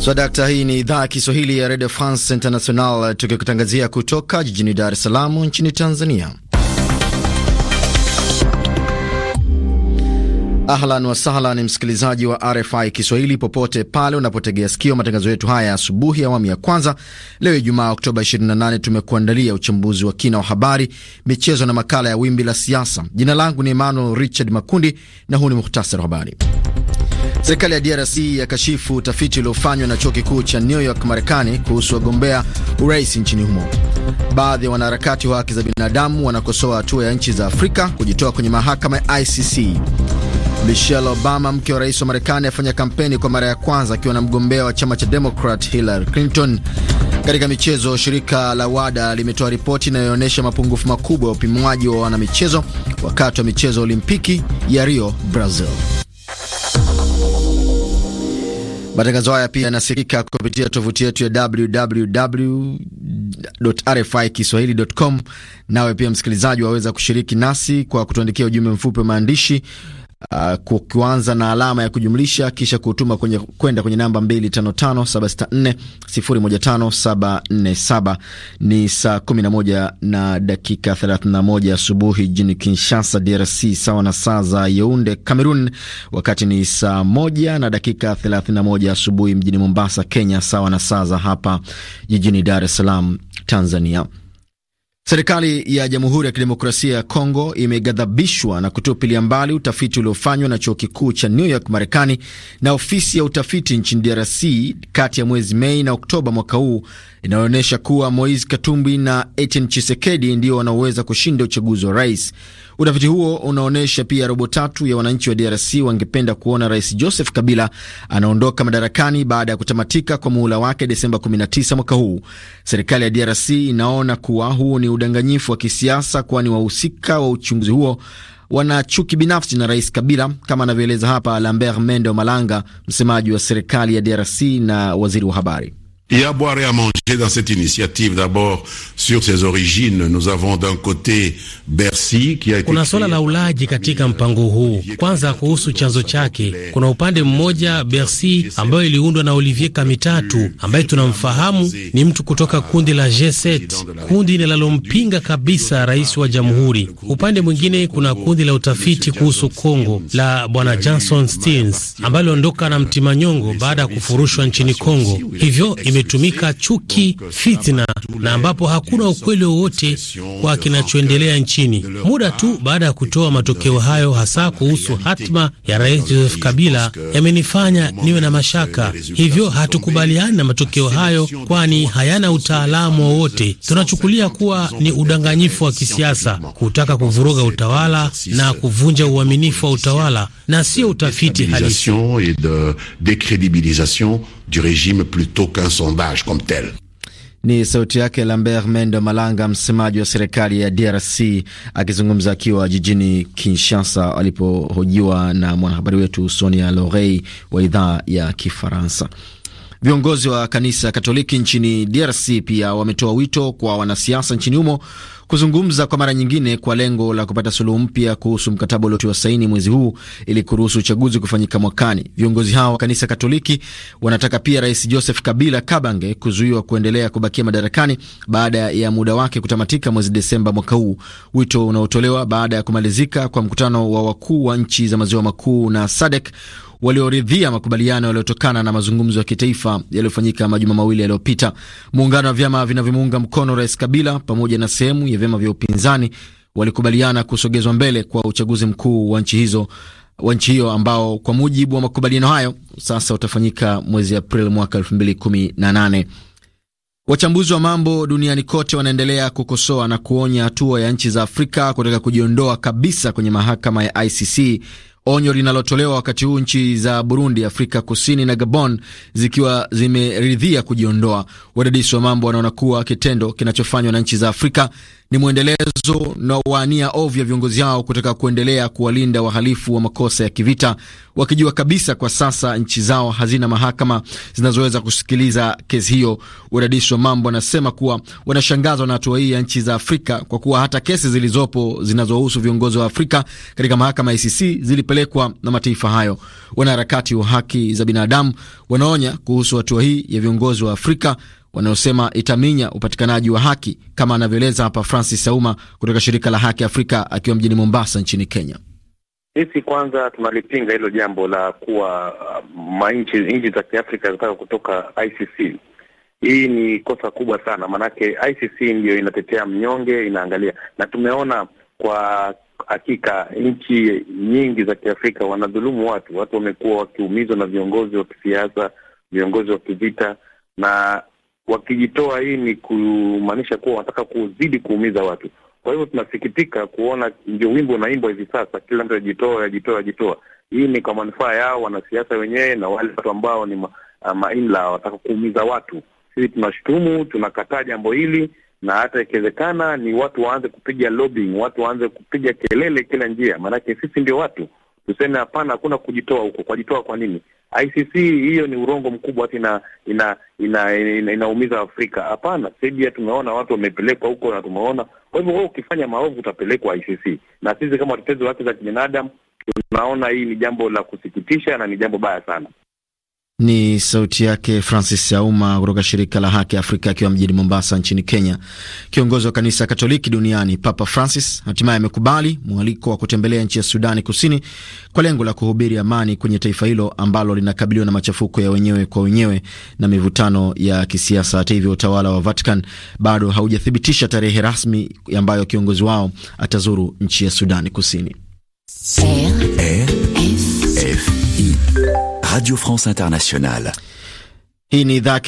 Swadakta, dakta, hii ni idhaa ya Kiswahili ya Radio France International uh, tukikutangazia kutoka jijini Dar es Salaam nchini Tanzania. Ahlan wasahla ni msikilizaji wa RFI Kiswahili popote pale unapotegea sikio matangazo yetu haya asubuhi, awamu ya kwanza. Leo Ijumaa Oktoba 28, tumekuandalia uchambuzi wa kina wa habari, michezo na makala ya wimbi la siasa. Jina langu ni Emmanuel Richard Makundi na huu ni muhtasari wa habari. Serikali ya DRC yakashifu utafiti uliofanywa na chuo kikuu cha New York Marekani kuhusu wagombea urais nchini humo. Baadhi ya wanaharakati wa haki za binadamu wanakosoa hatua ya nchi za Afrika kujitoa kwenye mahakama ya ICC. Michelle Obama, mke wa rais wa Marekani, afanya kampeni kwa mara ya kwanza akiwa na mgombea wa chama cha Democrat Hillary Clinton. Katika michezo, shirika la WADA limetoa ripoti inayoonyesha mapungufu makubwa ya upimwaji wa wanamichezo wakati wa michezo Olimpiki ya Rio, Brazil. Matangazo haya pia yanasikika kupitia tovuti yetu ya kiswahilicom. Nawe pia msikilizaji, waweza kushiriki nasi kwa kutuandikia ujumbe mfupi wa maandishi uh, kuanza na alama ya kujumlisha kisha kutuma kwenye kwenda kwenye namba 255764015747. Ni saa 11 na dakika 31 asubuhi jijini Kinshasa, DRC, sawa na saa za Yaounde, Cameroon. Wakati ni saa 1 na dakika 31 asubuhi mjini Mombasa, Kenya, sawa na saa za hapa jijini Dar es Salaam, Tanzania. Serikali ya Jamhuri ya Kidemokrasia ya Kongo imeghadhabishwa na kutupilia mbali utafiti uliofanywa na chuo kikuu cha New York Marekani na ofisi ya utafiti nchini DRC kati ya mwezi Mei na Oktoba mwaka huu inayoonyesha kuwa Moise Katumbi na Etienne Chisekedi ndio wanaoweza kushinda uchaguzi wa rais. Utafiti huo unaonyesha pia robo tatu ya wananchi wa DRC wangependa kuona Rais Joseph Kabila anaondoka madarakani baada ya kutamatika kwa muhula wake Desemba 19 mwaka huu. Serikali ya DRC inaona kuwa huu ni udanganyifu wa kisiasa, kwani wahusika wa uchunguzi huo wana chuki binafsi na rais Kabila, kama anavyoeleza hapa Lambert Mende Malanga, msemaji wa serikali ya DRC na waziri wa habari. Il y a à boire et à manger dans cette initiative. D'abord, sur ses origines, nous avons d'un côté Bercy qui a kuna swala la ulaji katika mpango huu. Kwanza, kuhusu chanzo chake, kuna upande mmoja Bercy ambayo iliundwa na Olivier Kamitatu ambaye tunamfahamu ni mtu kutoka kundi la G7, kundi linalompinga kabisa rais wa jamhuri. Upande mwingine kuna kundi la utafiti kuhusu Kongo la bwana Johnson Stins ambayo ondoka na Mtimanyongo baada ya kufurushwa nchini Kongo, hivyo ime iliyotumika chuki, fitna na ambapo hakuna ukweli wowote kwa kinachoendelea nchini. Muda tu baada ya kutoa matokeo hayo, hasa kuhusu hatma ya Rais Joseph Kabila, yamenifanya niwe na mashaka. Hivyo hatukubaliani na matokeo hayo, kwani hayana utaalamu wowote. Tunachukulia kuwa ni udanganyifu wa kisiasa, kutaka kuvuruga utawala na kuvunja uaminifu wa utawala na sio utafiti halisi. Ni sauti yake Lambert Mende Malanga, msemaji wa serikali ya DRC akizungumza akiwa jijini Kinshasa alipohojiwa na mwanahabari wetu Sonia Lorey wa idhaa ya Kifaransa. Viongozi wa kanisa Katoliki nchini DRC pia wametoa wito kwa wanasiasa nchini humo kuzungumza kwa mara nyingine kwa lengo la kupata suluhu mpya kuhusu mkataba uliotiwa saini mwezi huu ili kuruhusu uchaguzi kufanyika mwakani. Viongozi hao wa kanisa Katoliki wanataka pia Rais Joseph Kabila Kabange kuzuiwa kuendelea kubakia madarakani baada ya muda wake kutamatika mwezi Desemba mwaka huu, wito unaotolewa baada ya kumalizika kwa mkutano wa wakuu wa nchi za maziwa makuu na SADC walioridhia makubaliano yaliyotokana na mazungumzo ya kitaifa yaliyofanyika majuma mawili yaliyopita. Muungano wa vyama vinavyomuunga mkono Rais Kabila pamoja na sehemu ya vyama vya upinzani walikubaliana kusogezwa mbele kwa uchaguzi mkuu wa nchi hizo wa nchi hiyo ambao kwa mujibu wa makubaliano hayo sasa utafanyika mwezi Aprili mwaka 2018. Wachambuzi wa mambo duniani kote wanaendelea kukosoa na kuonya hatua ya nchi za Afrika kutaka kujiondoa kabisa kwenye mahakama ya ICC onyo linalotolewa wakati huu nchi za Burundi, Afrika Kusini na Gabon zikiwa zimeridhia kujiondoa. Wadadisi wa mambo wanaona kuwa kitendo kinachofanywa na nchi za Afrika ni mwendelezo na waania ovu ya viongozi hao kutaka kuendelea kuwalinda wahalifu wa makosa ya kivita, wakijua kabisa kwa sasa nchi zao hazina mahakama zinazoweza kusikiliza kesi hiyo. Wadadisi wa mambo wanasema kuwa wanashangazwa na hatua hii ya nchi za Afrika kwa kuwa hata kesi zilizopo zinazohusu viongozi wa Afrika katika mahakama ya ICC zilipelekwa na mataifa hayo. Wanaharakati wa haki za binadamu wanaonya kuhusu hatua hii ya viongozi wa Afrika wanaosema itaminya upatikanaji wa haki, kama anavyoeleza hapa Francis Sauma kutoka shirika la Haki Afrika akiwa mjini Mombasa nchini Kenya. Sisi kwanza tunalipinga hilo jambo la kuwa uh, manchi nchi za Kiafrika zinataka kutoka ICC. Hii ni kosa kubwa sana, maanake ICC ndiyo inatetea mnyonge, inaangalia na tumeona kwa hakika nchi nyingi za Kiafrika wanadhulumu watu. Watu wamekuwa wakiumizwa na viongozi wa kisiasa, viongozi wa kivita, na wakijitoa hii ni kumaanisha kuwa wanataka kuzidi kuumiza watu. Kwa hivyo tunasikitika kuona ndio wimbo unaimbwa hivi sasa, kila mtu ajitoa ajitoa ajitoa. Hii ni kwa manufaa yao wanasiasa wenyewe na wale watu ambao ni ah, mainla ma wataka kuumiza watu. Sisi tunashutumu, tunakataa jambo hili, na hata ikiwezekana ni watu waanze kupiga lobbying, watu waanze kupiga kelele kila njia, maanake sisi ndio watu tuseme hapana, hakuna kujitoa huko. Kwajitoa kwa nini? ICC hiyo ni urongo mkubwa, hata ina inaumiza ina, ina, ina, ina Afrika. Hapana, Serbia tumeona watu wamepelekwa huko na tumeona. Kwa hivyo wewe ukifanya maovu utapelekwa ICC, na sisi kama watetezi wa haki za kibinadamu tunaona hii ni jambo la kusikitisha na ni jambo baya sana. Ni sauti yake Francis Auma kutoka shirika la Haki Afrika akiwa mjini Mombasa nchini Kenya. Kiongozi wa kanisa Katoliki duniani Papa Francis hatimaye amekubali mwaliko wa kutembelea nchi ya Sudani Kusini kwa lengo la kuhubiri amani kwenye taifa hilo ambalo linakabiliwa na machafuko ya wenyewe kwa wenyewe na mivutano ya kisiasa. Hata hivyo, utawala wa Vatican bado haujathibitisha tarehe rasmi ambayo kiongozi wao atazuru nchi ya Sudani Kusini. R. R. Radio France Internationale. Hii ni idhaa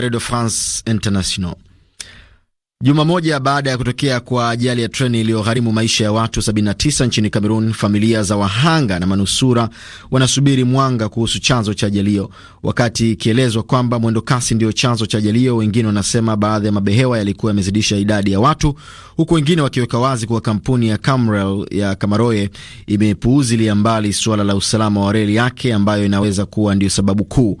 Radio France International. Juma moja baada ya kutokea kwa ajali ya treni iliyogharimu maisha ya watu 79 nchini Kamerun, familia za wahanga na manusura wanasubiri mwanga kuhusu chanzo cha ajali hiyo. Wakati ikielezwa kwamba mwendokasi ndio chanzo cha ajali hiyo, wengine wanasema baadhi ya mabehewa yalikuwa yamezidisha idadi ya watu, huku wengine wakiweka wazi kuwa kampuni ya Camrel ya Kamaroye imepuuzilia mbali suala la usalama wa reli yake ambayo inaweza kuwa ndio sababu kuu.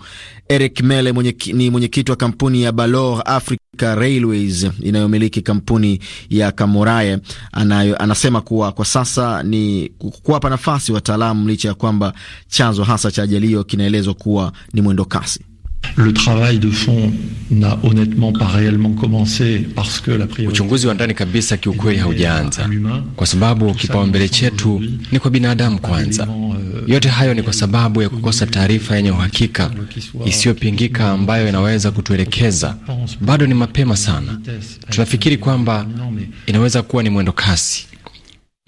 Eric Mele mwenye, ni mwenyekiti wa kampuni ya Balor Africa Railways inayo anayomiliki kampuni ya Kamorae anayo, anasema kuwa kwa sasa ni kuwapa nafasi wataalamu licha ya kwamba chanzo hasa cha ajali hiyo kinaelezwa kuwa ni mwendo kasi. Uchunguzi wa ndani kabisa kiukweli haujaanza, kwa sababu kipaumbele chetu ni kwa binadamu kwanza. Euh, Yote hayo ni kwa sababu ya kukosa taarifa yenye uhakika isiyopingika ambayo inaweza kutuelekeza. Bado ni mapema sana. Tunafikiri kwamba inaweza kuwa ni mwendo kasi,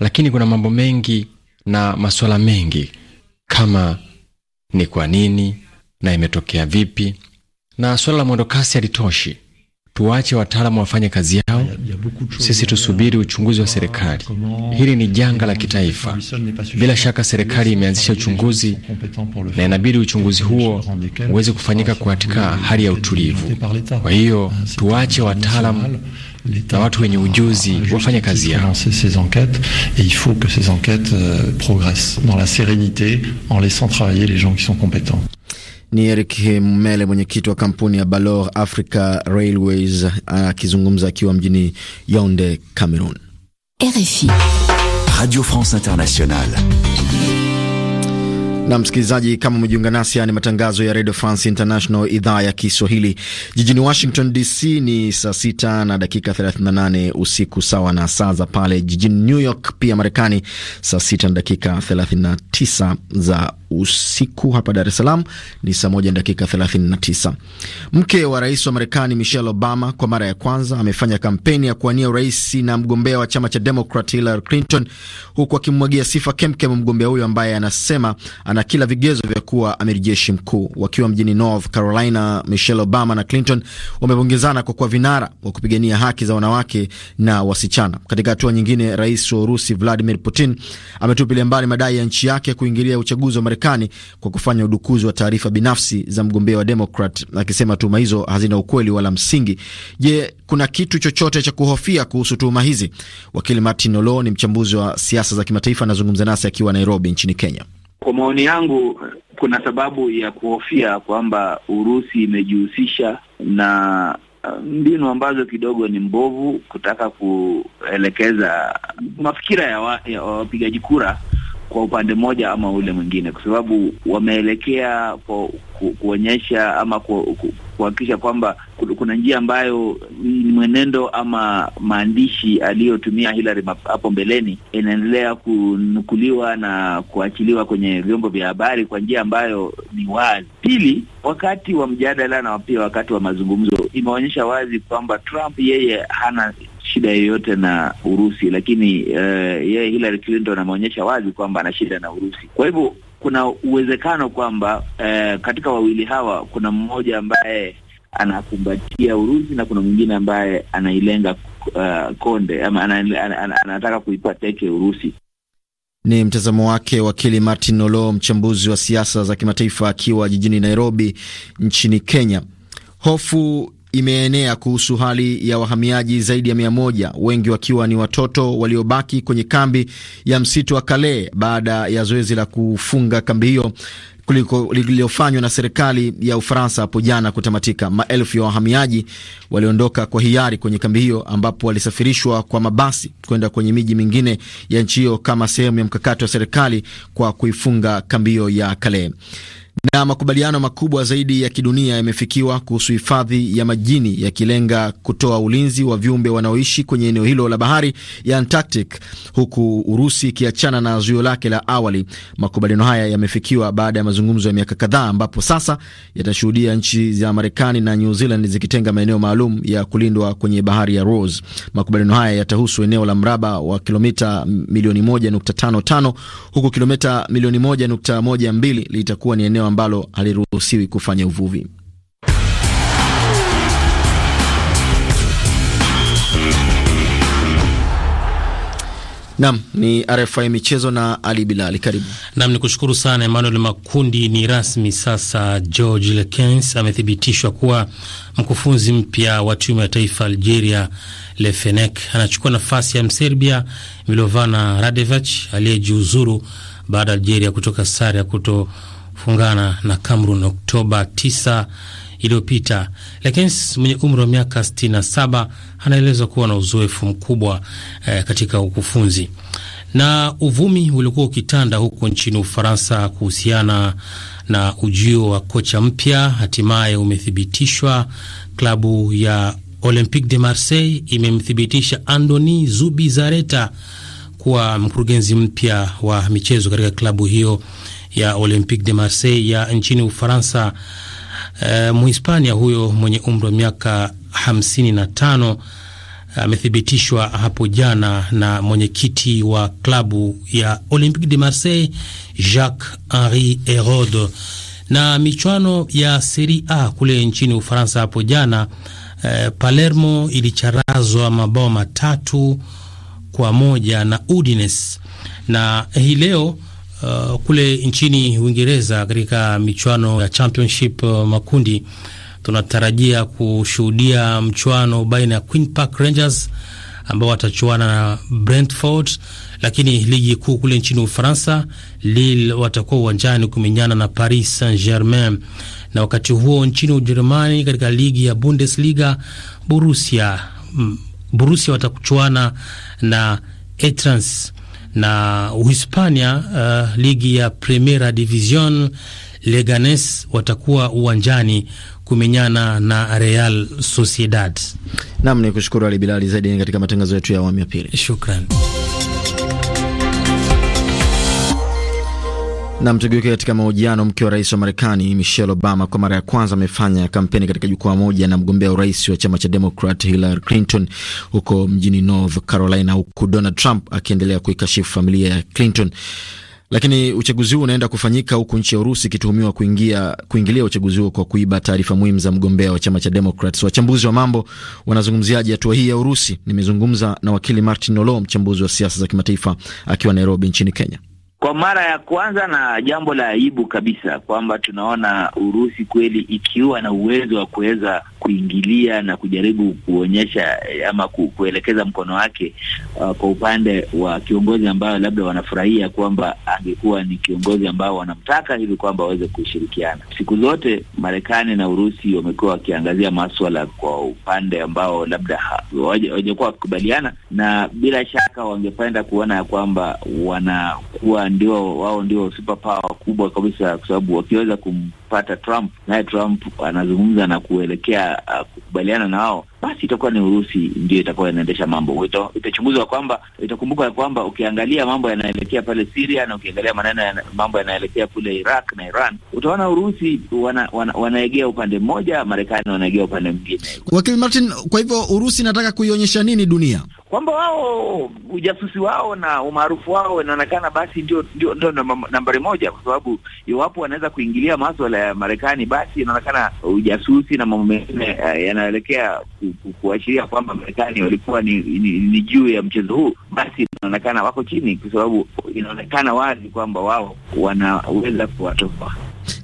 lakini kuna mambo mengi na masuala mengi kama ni kwa nini na imetokea vipi, na suala la mwendokasi halitoshi. Tuwache wataalamu wafanye kazi yao, sisi tusubiri uchunguzi wa serikali. Hili ni janga la kitaifa. Bila shaka, serikali imeanzisha uchunguzi na inabidi uchunguzi huo uweze kufanyika katika hali ya utulivu. Kwa hiyo tuwache wataalamu na watu wenye ujuzi wafanye kazi yao. Ni Eric Mumele, mwenyekiti wa kampuni ya Balor Africa Railways, akizungumza akiwa mjini Yaounde, Cameroon. RFI, Radio France Internationale. Na msikilizaji, kama umejiunga nasi, ni yaani matangazo ya Radio France International idhaa ya Kiswahili jijini Washington DC. Ni saa sita na dakika 38 usiku, sawa na saa za pale jijini New York, pia Marekani saa sita na dakika 39 za usiku hapa Dar es Salaam ni saa moja na dakika 39. Mke wa rais wa Marekani Michelle Obama kwa mara ya kwanza amefanya kampeni ya kuwania urais na mgombea wa chama cha Demokrat Hillary Clinton, huku akimwagia sifa kemkem mgombea huyo ambaye anasema ana kila vigezo vya kuwa amiri jeshi mkuu. Wakiwa mjini North Carolina, Michelle Obama na Clinton wamepongezana kwa kuwa vinara wa kupigania haki za wanawake na wasichana. Katika hatua nyingine, rais wa Urusi Vladimir Putin ametupilia mbali madai ya nchi yake kuingilia uchaguzi wa Marekani Marekani kwa kufanya udukuzi wa taarifa binafsi za mgombea wa Demokrat, akisema tuhuma hizo hazina ukweli wala msingi. Je, kuna kitu chochote cha kuhofia kuhusu tuhuma hizi? Wakili Martin Olo ni mchambuzi wa siasa za kimataifa, anazungumza nasi akiwa Nairobi nchini Kenya. Kwa maoni yangu kuna sababu ya kuhofia kwamba Urusi imejihusisha na uh, mbinu ambazo kidogo ni mbovu, kutaka kuelekeza mafikira ya, wa, ya wapigaji kura kwa upande mmoja ama ule mwingine, kwa sababu wameelekea kwa kuonyesha ama kuhakikisha kwa kwamba kuna njia ambayo ni mwenendo ama maandishi aliyotumia Hillary hapo mbeleni inaendelea kunukuliwa na kuachiliwa kwenye vyombo vya habari kwa njia ambayo ni wazi. Pili, wakati wa mjadala na pia wakati wa mazungumzo imeonyesha wazi kwamba Trump yeye hana shida yoyote na Urusi, lakini uh, yeye Hillary Clinton ameonyesha wazi kwamba ana shida na Urusi. Kwa hivyo kuna uwezekano kwamba uh, katika wawili hawa kuna mmoja ambaye anakumbatia Urusi na kuna mwingine ambaye anailenga uh, konde ama anataka ana, ana, ana kuipa teke Urusi. Ni mtazamo wake wakili Martin Olo, mchambuzi wa siasa za kimataifa, akiwa jijini Nairobi nchini Kenya. Hofu imeenea kuhusu hali ya wahamiaji zaidi ya mia moja, wengi wakiwa ni watoto waliobaki kwenye kambi ya msitu wa Kale baada ya zoezi la kufunga kambi hiyo lililofanywa na serikali ya Ufaransa hapo jana kutamatika. Maelfu ya wahamiaji waliondoka kwa hiari kwenye kambi hiyo, ambapo walisafirishwa kwa mabasi kwenda kwenye miji mingine ya nchi hiyo kama sehemu ya mkakati wa serikali kwa kuifunga kambi hiyo ya Kale. Na makubaliano makubwa zaidi ya kidunia yamefikiwa kuhusu hifadhi ya majini yakilenga kutoa ulinzi wa viumbe wanaoishi kwenye eneo hilo la bahari ya Antarctic, huku Urusi ikiachana na zuio lake la awali. Makubaliano haya yamefikiwa baada ya mazungumzo ya miaka kadhaa, ambapo sasa yatashuhudia nchi za Marekani na New Zealand zikitenga maeneo maalum ya kulindwa kwenye bahari ya Ross. Makubaliano haya yatahusu eneo la mraba wa kilomita milioni 1.55 huku kilomita milioni 1.12 litakuwa ni eneo eneo ambalo aliruhusiwi kufanya uvuvi. Nam ni RFI michezo na Ali Bilali, karibu nam. Ni kushukuru sana Emmanuel Makundi. Ni rasmi sasa, George Lekens amethibitishwa kuwa mkufunzi mpya wa timu ya taifa Algeria, Lefenek. Anachukua nafasi ya Mserbia Milovana Radevach aliyejiuzuru baada ya Algeria kutoka sare ya kuto kufungana na Cameroon Oktoba 9 iliyopita. lakini mwenye umri wa miaka 67 anaelezwa kuwa na uzoefu mkubwa eh, katika ukufunzi. Na uvumi uliokuwa ukitanda huko nchini Ufaransa kuhusiana na ujio wa kocha mpya hatimaye umethibitishwa. Klabu ya Olympique de Marseille imemthibitisha Andoni Zubizarreta kuwa mkurugenzi mpya wa michezo katika klabu hiyo ya Olympique de Marseille ya nchini Ufaransa. Uh, Muhispania huyo mwenye umri wa miaka 55 eh, amethibitishwa uh, hapo jana na mwenyekiti wa klabu ya Olympique de Marseille Jacques Henri Herod. Na michuano ya Serie A kule nchini Ufaransa hapo jana uh, Palermo ilicharazwa mabao matatu kwa moja na Udinese na hii leo Uh, kule nchini Uingereza katika michuano ya championship uh, makundi tunatarajia kushuhudia mchuano baina ya Queen Park Rangers ambao watachuana na Brentford, lakini ligi kuu kule nchini Ufaransa, Lille watakuwa uwanjani kumenyana na Paris Saint-Germain. Na wakati huo nchini Ujerumani, katika ligi ya Bundesliga, Borussia mm, Borussia watakuchuana na Eintracht na Uhispania uh, ligi ya Primera Division, Leganes watakuwa uwanjani kumenyana na Real Sociedad. Nam ni kushukuru Ali Bilali zaidi katika matangazo yetu ya awamu ya pili. Shukran. Nam mtugeuke katika mahojiano, mke wa rais wa Marekani Michelle Obama kwa mara ya kwanza amefanya kampeni katika jukwaa moja na mgombea urais wa chama cha Demokrat Hillary Clinton huko mjini North Carolina, huku Donald Trump akiendelea kuikashifu familia ya Clinton. Lakini uchaguzi huu unaenda kufanyika huku nchi ya Urusi ikituhumiwa kuingia kuingilia uchaguzi huo kwa kuiba taarifa muhimu za mgombea wa chama cha Demokrat. So, Wachambuzi wa mambo wanazungumziaje hatua hii ya Urusi? Nimezungumza na wakili Martin Olo, mchambuzi wa siasa za kimataifa, akiwa Nairobi nchini Kenya kwa mara ya kwanza, na jambo la aibu kabisa kwamba tunaona Urusi kweli ikiwa na uwezo wa kuweza kuingilia na kujaribu kuonyesha eh, ama kuelekeza mkono wake uh, kwa upande wa kiongozi ambayo labda wanafurahia kwamba angekuwa ni kiongozi ambao wanamtaka hivi kwamba waweze kushirikiana. Siku zote Marekani na Urusi wamekuwa wakiangazia maswala kwa upande ambao labda hawajakuwa wakikubaliana, na bila shaka wangependa kuona ya kwamba wanakuwa ndio wao ndio super power kubwa kabisa, kwa sababu wakiweza kumpata Trump, naye Trump anazungumza na kuelekea uh, kukubaliana na wao, basi itakuwa ni Urusi ndio itakuwa inaendesha mambo. Itachunguzwa kwamba itakumbuka kwamba ukiangalia mambo yanaelekea pale Syria na ukiangalia maneno ya mambo yanaelekea kule Iraq na Iran, utaona Urusi wana, wana, wanaegea upande mmoja, Marekani wanaegea upande mwingine. Wakili Martin, kwa hivyo Urusi inataka kuionyesha nini dunia? kwamba wao ujasusi wao na umaarufu wao inaonekana basi ndio ndio ndio nambari moja, kwa sababu iwapo wanaweza kuingilia maswala ya Marekani, basi inaonekana ujasusi na mambo mengine eh, yanaelekea kuashiria kwamba Marekani walikuwa ni, ni, ni juu ya mchezo huu, basi inaonekana wako chini, kwa sababu inaonekana wazi kwamba wao wanaweza kuwatoa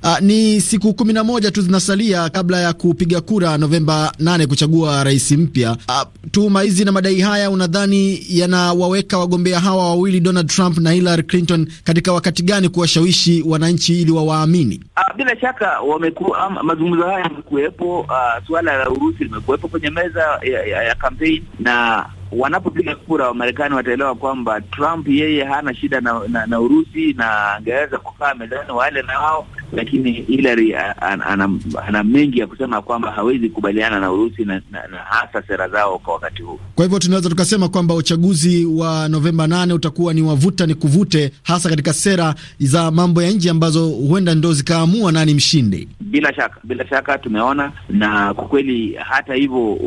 Uh, ni siku kumi na moja tu zinasalia kabla ya kupiga kura Novemba 8 kuchagua rais mpya. Uh, tuhuma hizi na madai haya unadhani yanawaweka wagombea hawa wawili Donald Trump na Hillary Clinton katika wakati gani kuwashawishi wananchi ili wawaamini? Uh, bila shaka wamekuwa mazungumzo haya yamekuwepo. Uh, suala la Urusi limekuwepo kwenye meza ya, ya, ya campaign na wanapopiga kura Wamarekani wataelewa kwamba Trump yeye hana shida na, na, na Urusi na angeweza kukaa mezani wale na wao lakini Hillary ana, ana, ana mengi ya kusema kwamba hawezi kubaliana na Urusi na, na, na hasa sera zao kwa wakati huu. Kwa hivyo tunaweza tukasema kwamba uchaguzi wa Novemba nane utakuwa ni wavuta ni kuvute, hasa katika sera za mambo ya nje ambazo huenda ndo zikaamua nani mshindi. Bila shaka, bila shaka tumeona, na kwa kweli hata hivyo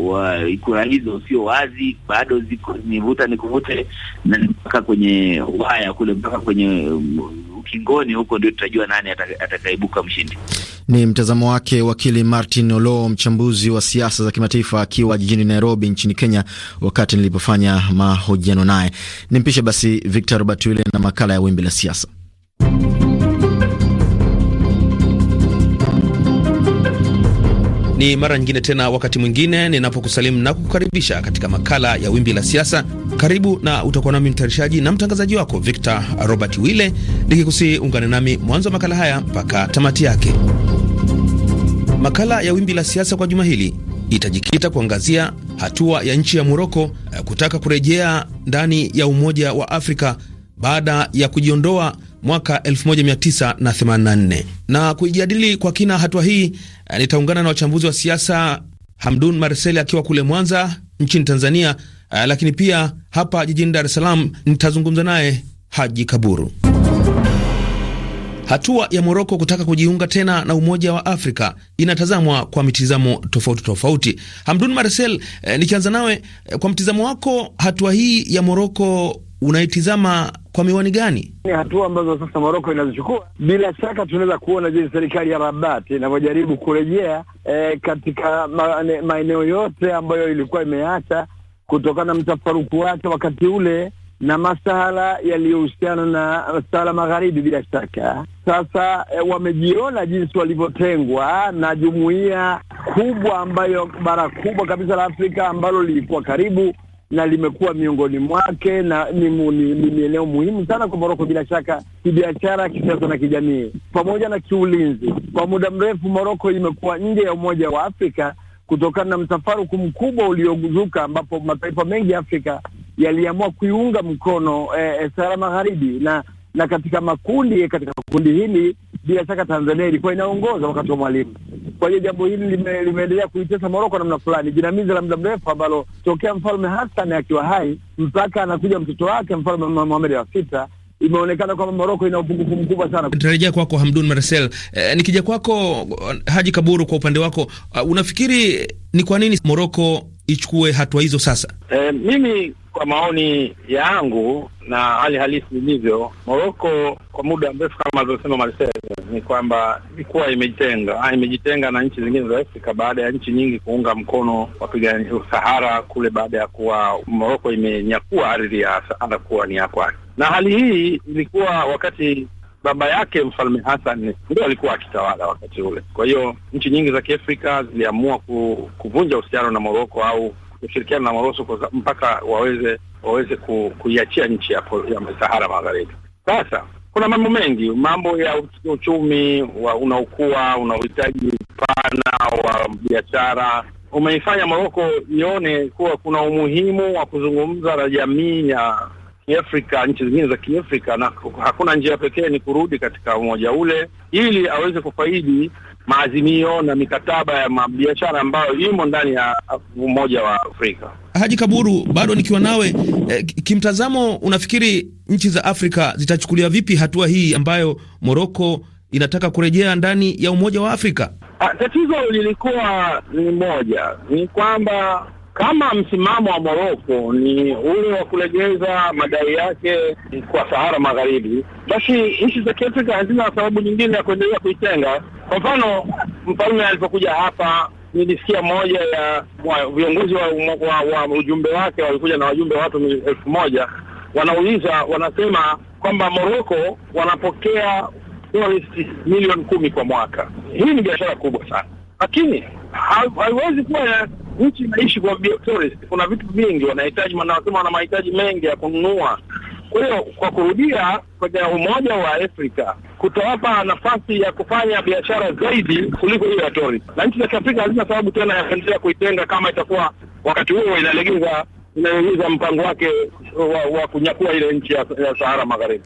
kura hizo sio wazi bado, ziko ni vuta ni kuvute na mpaka kwenye waya kule mpaka kwenye um, ukingoni huko ndio tutajua nani atakaibuka mshindi. Ni mtazamo wake wakili Martin Olo, mchambuzi wa siasa za kimataifa akiwa jijini Nairobi nchini Kenya, wakati nilipofanya mahojiano naye. ni mpishe basi Victor Robert Wile na makala ya wimbi la siasa. Ni mara nyingine tena, wakati mwingine ninapokusalimu na kukukaribisha katika makala ya Wimbi la Siasa. Karibu na utakuwa nami mtayarishaji na mtangazaji wako Victor Robert Wille, nikikusihi ungane nami mwanzo wa makala haya mpaka tamati yake. Makala ya Wimbi la Siasa kwa juma hili itajikita kuangazia hatua ya nchi ya Moroko eh, kutaka kurejea ndani ya Umoja wa Afrika baada ya kujiondoa mwaka 1984. Na kuijadili kwa kina hatua hii, eh, nitaungana na wachambuzi wa siasa Hamdun Marseli akiwa kule Mwanza nchini Tanzania, eh, lakini pia hapa jijini Dar es Salaam nitazungumza naye Haji Kaburu. Hatua ya Moroko kutaka kujiunga tena na Umoja wa Afrika inatazamwa kwa mitizamo tofauti tofauti. Hamdun Marcel, eh, nikianza nawe, eh, kwa mtizamo wako hatua hii ya Moroko unaitizama kwa miwani gani? Ni hatua ambazo sasa Moroko inazichukua. Bila shaka tunaweza kuona jinsi serikali ya Rabat inavyojaribu kurejea e, katika maeneo yote ambayo ilikuwa imeacha kutokana na mtafaruku wake wakati ule na masahala yaliyohusiana na Sahara Magharibi. Bila shaka sasa e, wamejiona jinsi walivyotengwa na jumuiya kubwa ambayo bara kubwa kabisa la Afrika ambalo lilikuwa karibu na limekuwa miongoni mwake na ni, ni, ni mieneo muhimu sana kwa Moroko bila shaka kibiashara, kisiasa na kijamii pamoja na kiulinzi. Kwa muda mrefu Moroko imekuwa nje ya Umoja wa Afrika kutokana na mtafaruku mkubwa uliozuka, ambapo mataifa mengi ya Afrika yaliamua kuiunga mkono eh, eh Sahara Magharibi na na katika makundi katika kundi hili bila shaka Tanzania ilikuwa inaongoza wakati wa Mwalimu. Kwa hiyo jambo hili lime, limeendelea kuitesa Moroko namna fulani, jinamizi la muda mrefu ambalo tokea mfalme Hassan akiwa hai mpaka anakuja mtoto wake mfalme Mohamed wa sita imeonekana kwamba Moroko ina upungufu mkubwa sana. nitarejea kwako Hamdun Marcel. E, nikija kwako Haji Kaburu, kwa upande wako eh, unafikiri ni kwa nini Moroko ichukue hatua hizo sasa? E, mimi kwa maoni yangu na hali halisi ilivyo Moroko kwa muda mrefu, kama alivyosema Marcel, ni kwamba ilikuwa imejitenga ah, imejitenga na nchi zingine za Afrika baada ya nchi nyingi kuunga mkono wapigani Sahara kule, baada ya kuwa Moroko imenyakua ardhi ya Sahara kuwa ni ya kwake, na hali hii ilikuwa wakati baba yake Mfalme Hassan ndio alikuwa akitawala wakati ule. Kwa hiyo nchi nyingi za Kiafrika ziliamua ku, kuvunja uhusiano na Moroko au kushirikiana na Morocco mpaka waweze waweze ku, kuiachia nchi ya, ya Sahara Magharibi. Sasa kuna mambo mengi, mambo ya uchumi unaokuwa unahitaji upana wa biashara umeifanya Moroko ione kuwa kuna umuhimu wa kuzungumza na jamii ya Kiafrika, nchi zingine za Kiafrika, na hakuna njia pekee ni kurudi katika umoja ule ili aweze kufaidi maazimio na mikataba ya biashara ambayo imo ndani ya Umoja wa Afrika. Haji Kaburu, bado nikiwa nawe eh, kimtazamo, unafikiri nchi za Afrika zitachukulia vipi hatua hii ambayo Moroko inataka kurejea ndani ya Umoja wa Afrika? Ah, tatizo lilikuwa ni moja, ni kwamba kama msimamo wa Moroko ni ule wa kulegeza madai yake kwa Sahara Magharibi, basi nchi za Kiafrika hazina sababu nyingine ya kuendelea kuitenga. Kwa mfano, mfalme alipokuja hapa, nilisikia moja ya viongozi wa, wa, wa ujumbe wake walikuja na wajumbe wa watu elfu moja wanauliza, wanasema kwamba Moroko wanapokea tourist milioni kumi kwa mwaka. Hii ni biashara kubwa sana, lakini haiwezi kuwa nchi inaishi kwa tourist, kuna vitu vingi wanahitaji, wanasema wana mahitaji mengi ya kununua. Kwa hiyo kwa kurudia kwenye Umoja wa Afrika kutawapa nafasi ya kufanya biashara zaidi kuliko hiyo ya tourist, na nchi za Kiafrika hazina sababu tena ya kuendelea kuitenga kama itakuwa wakati huo inalegeza inalegeza mpango wake wa, wa kunyakua ile nchi ya, ya Sahara Magharibi.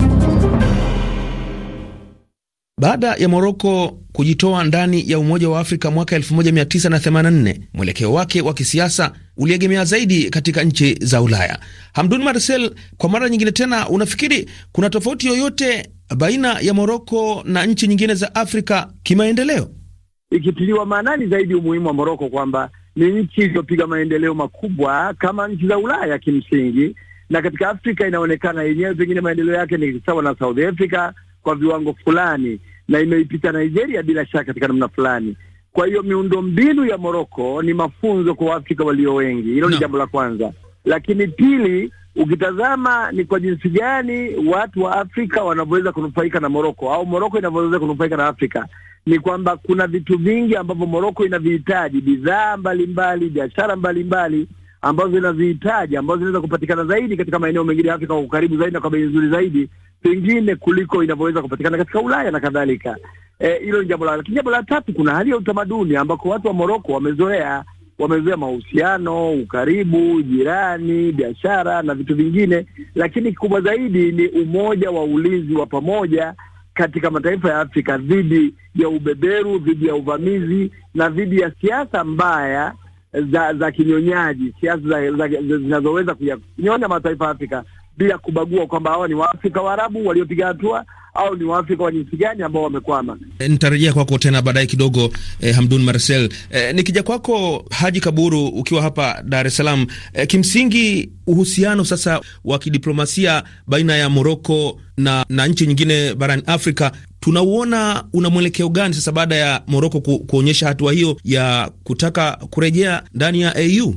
Baada ya Moroko kujitoa ndani ya Umoja wa Afrika mwaka 1984 mwelekeo wake wa kisiasa uliegemea zaidi katika nchi za Ulaya. Hamdun Marcel, kwa mara nyingine tena, unafikiri kuna tofauti yoyote baina ya Moroko na nchi nyingine za Afrika kimaendeleo, ikitiliwa maanani zaidi umuhimu wa Moroko kwamba ni nchi iliyopiga maendeleo makubwa kama nchi za Ulaya kimsingi, na katika Afrika inaonekana yenyewe pengine maendeleo yake ni sawa na South Africa kwa viwango fulani na imeipita Nigeria bila shaka katika namna fulani. Kwa hiyo miundo mbinu ya Moroko ni mafunzo kwa Waafrika walio wengi, hilo no. ni jambo la kwanza, lakini pili, ukitazama ni kwa jinsi gani watu wa Afrika wanavyoweza kunufaika na Moroko au Moroko inavyoweza kunufaika na Afrika ni kwamba kuna vitu vingi ambavyo Moroko inavihitaji, bidhaa mbalimbali, biashara mbalimbali mbali, ambazo inazihitaji ambazo zinaweza kupatikana zaidi katika maeneo mengine ya Afrika kwa ukaribu zaidi na kwa bei nzuri zaidi pengine kuliko inavyoweza kupatikana katika Ulaya na kadhalika. E, hilo e, ni jambo la lakini, jambo la tatu, kuna hali ya utamaduni ambako watu wa Moroko wamezoea wamezoea mahusiano, ukaribu, jirani, biashara na vitu vingine, lakini kikubwa zaidi ni umoja wa ulinzi wa pamoja katika mataifa ya Afrika dhidi ya ubeberu, dhidi ya uvamizi na dhidi ya siasa mbaya za za kinyonyaji, siasa zinazoweza kunyonya mataifa ya Afrika bila kubagua kwamba hawa ni Waafrika Waarabu waliopiga hatua au ni Waafrika wa jinsi gani ambao wamekwama. E, nitarejea kwako tena baadaye kidogo e, Hamdun Marcel. E, nikija kwako Haji Kaburu, ukiwa hapa Dar es Salaam, e, kimsingi uhusiano sasa wa kidiplomasia baina ya Moroko na, na nchi nyingine barani Afrika tunauona una mwelekeo gani sasa baada ya Moroko ku, kuonyesha hatua hiyo ya kutaka kurejea ndani ya AU?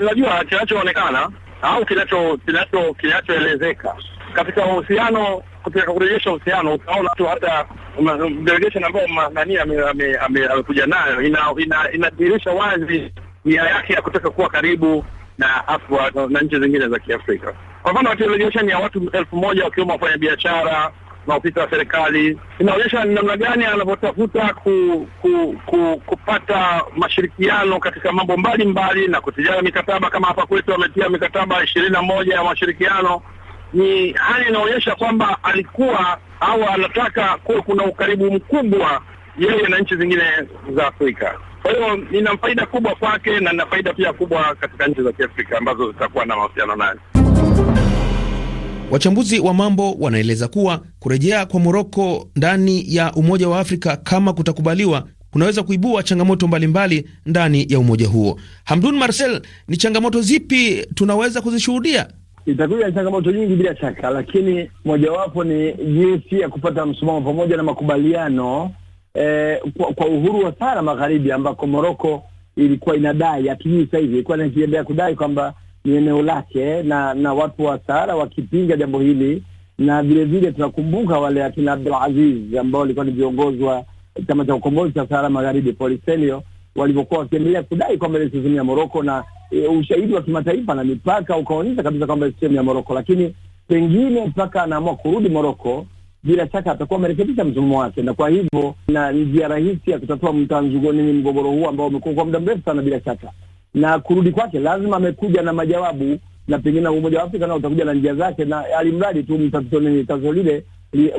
Najua kinachoonekana au kinacho kinacho kinachoelezeka katika uhusiano kutaka kurejesha uhusiano, utaona tu hata delegation ambayo nani amekuja nayo inadhihirisha wazi nia yake ya kutaka kuwa karibu na Afwa na nchi zingine za Kiafrika. Kwa mfano delegation ya watu elfu moja wakiwemo wafanyabiashara maofisa wa serikali, inaonyesha ni namna gani anavyotafuta ku, ku, ku, kupata mashirikiano katika mambo mbalimbali na kutijana mikataba. Kama hapa kwetu wametia mikataba ishirini na moja ya mashirikiano, ni hali inaonyesha kwamba alikuwa au anataka kuwe kuna ukaribu mkubwa yeye na nchi zingine za Afrika. Kwa hiyo nina faida kubwa kwake na ina faida pia kubwa katika nchi za Kiafrika ambazo zitakuwa na mahusiano naye. Wachambuzi wa mambo wanaeleza kuwa kurejea kwa Moroko ndani ya Umoja wa Afrika kama kutakubaliwa kunaweza kuibua changamoto mbalimbali mbali ndani ya umoja huo. Hamdun Marcel, ni changamoto zipi tunaweza kuzishuhudia? Itakuja changamoto nyingi bila shaka, lakini mojawapo ni jinsi ya kupata msimamo pamoja na makubaliano eh, kwa, kwa uhuru wa sana magharibi ambako Moroko ilikuwa inadai, hatujui sahivi, ilikuwa inaendelea kudai kwamba ni eneo lake na na watu wa Sahara wakipinga jambo hili, na vilevile tunakumbuka wale akina Abdul Aziz ambao walikuwa ni viongozi wa chama cha ukombozi cha Sahara Magharibi Polisario walivyokuwa wakiendelea kudai kwamba ile sehemu ya Moroko na e, ushahidi wa kimataifa na mipaka ukaonyesha kabisa kwamba sehemu ya Moroko, lakini pengine mpaka anaamua kurudi Moroko, bila shaka atakuwa amerekebisha msimamo wake, na kwa hivyo na njia rahisi ya kutatua mtanzugo nini mgogoro huu ambao umekuwa kwa muda mrefu sana bila shaka na kurudi kwake lazima amekuja na majawabu, na pengine Umoja wa Afrika nao utakuja na njia zake, na alimradi tu tatizo lile,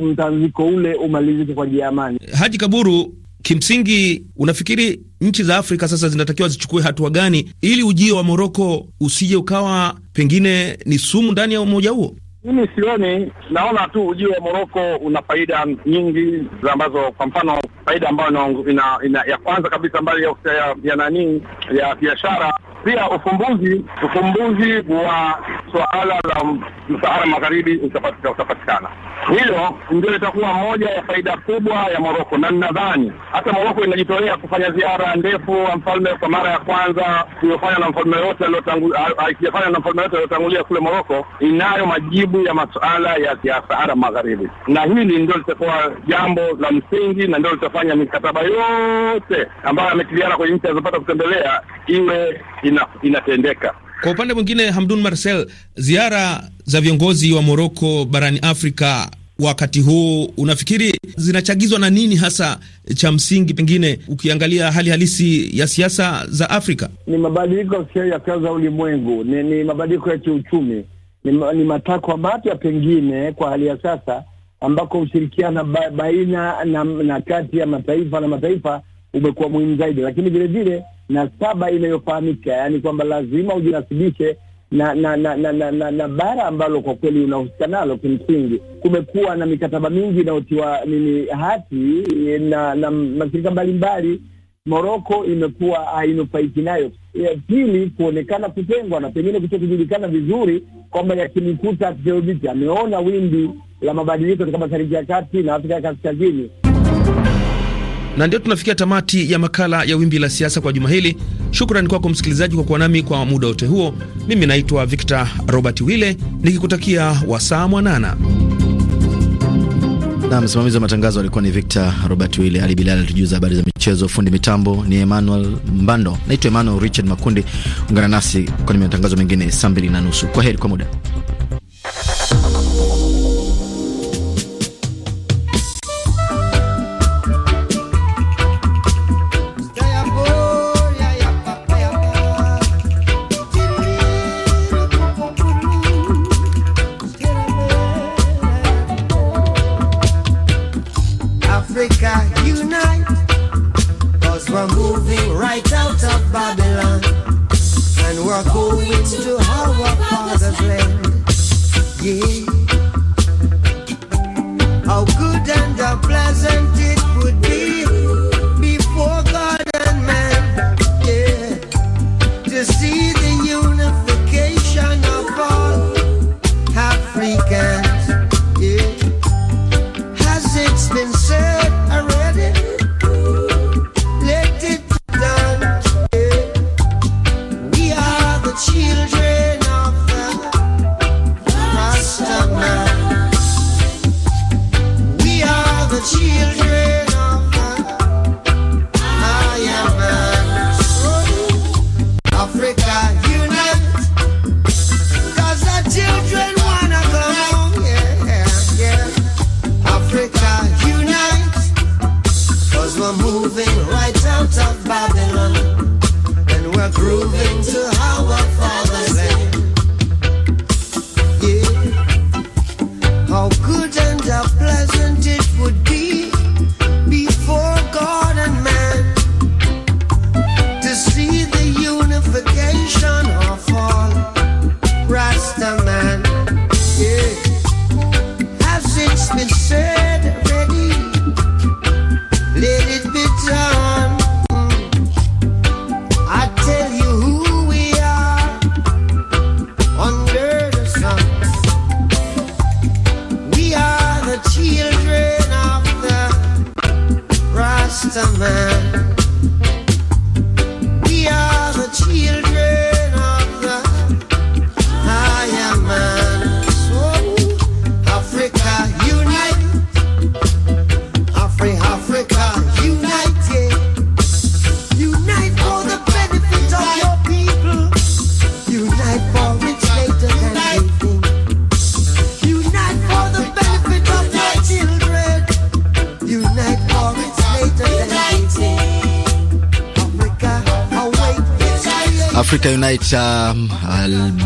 mtanziko ule umalizike kwa njia ya amani. Haji Kaburu, kimsingi unafikiri nchi za Afrika sasa zinatakiwa zichukue hatua gani ili ujio wa Moroko usije ukawa pengine ni sumu ndani ya umoja huo? Mimi sioni, naona tu ujio wa Moroko una faida nyingi ambazo, kwa mfano, faida ambayo ina, ina, ya kwanza kabisa mbali ya, ya, ya nani ya biashara, pia ufumbuzi ufumbuzi wa suala la msahara Magharibi utapatikana. Hilo ndio litakuwa moja ya faida kubwa ya Moroko, na ninadhani hata Moroko inajitolea kufanya ziara ndefu ya mfalme kwa mara ya kwanza iliyofanywa na mfalme yote aliyofanywa na mfalme yote aliyotangulia kule Moroko, inayo majibu ya masuala ya, Sahara Magharibi, na hili ndio litakuwa jambo la msingi na ndio litafanya mikataba yote ambayo ametiliana kwenye nchi anazopata kutembelea iwe ina, inatendeka. Kwa upande mwingine, Hamdun Marcel, ziara za viongozi wa Moroko barani Afrika wakati huu unafikiri zinachagizwa na nini hasa cha msingi, pengine ukiangalia hali halisi ya siasa za Afrika? Ni mabadiliko ya siasa za ulimwengu, ni, ni mabadiliko ya kiuchumi, ni, ni matakwa mapya pengine kwa hali ya sasa ambako ushirikiano baina na, na kati ya mataifa na mataifa umekuwa muhimu zaidi, lakini vilevile na saba inayofahamika, yaani kwamba lazima ujinasibishe na na na, na, na, na, na bara ambalo kwa kweli unahusika nalo. Kimsingi kumekuwa na mikataba mingi inayotiwa nini hati na, na mashirika mbalimbali. Moroko imekuwa hainufaiki nayo. Pili, kuonekana kutengwa na pengine kujulikana vizuri kwamba yakimkuta ameona wimbi la mabadiliko katika mashariki ya kati na Afrika ya kaskazini na ndio tunafikia tamati ya makala ya Wimbi la Siasa kwa juma hili. Shukrani kwako msikilizaji kwa kuwa nami kwa muda wote huo. Mimi naitwa Victor Robert Wille nikikutakia wasaa mwanana. Na msimamizi wa matangazo alikuwa ni Victor Robert Wille. Ali Bilal alitujuza habari za michezo, fundi mitambo ni Emmanuel Mbando. Naitwa Emmanuel Richard Makundi. Ungana nasi kwenye matangazo mengine saa mbili na nusu. Kwa heri kwa muda.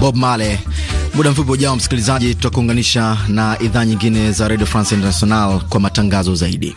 Bob Marley. Muda mfupi ujao, msikilizaji, tutakuunganisha na idhaa nyingine za Radio France International kwa matangazo zaidi.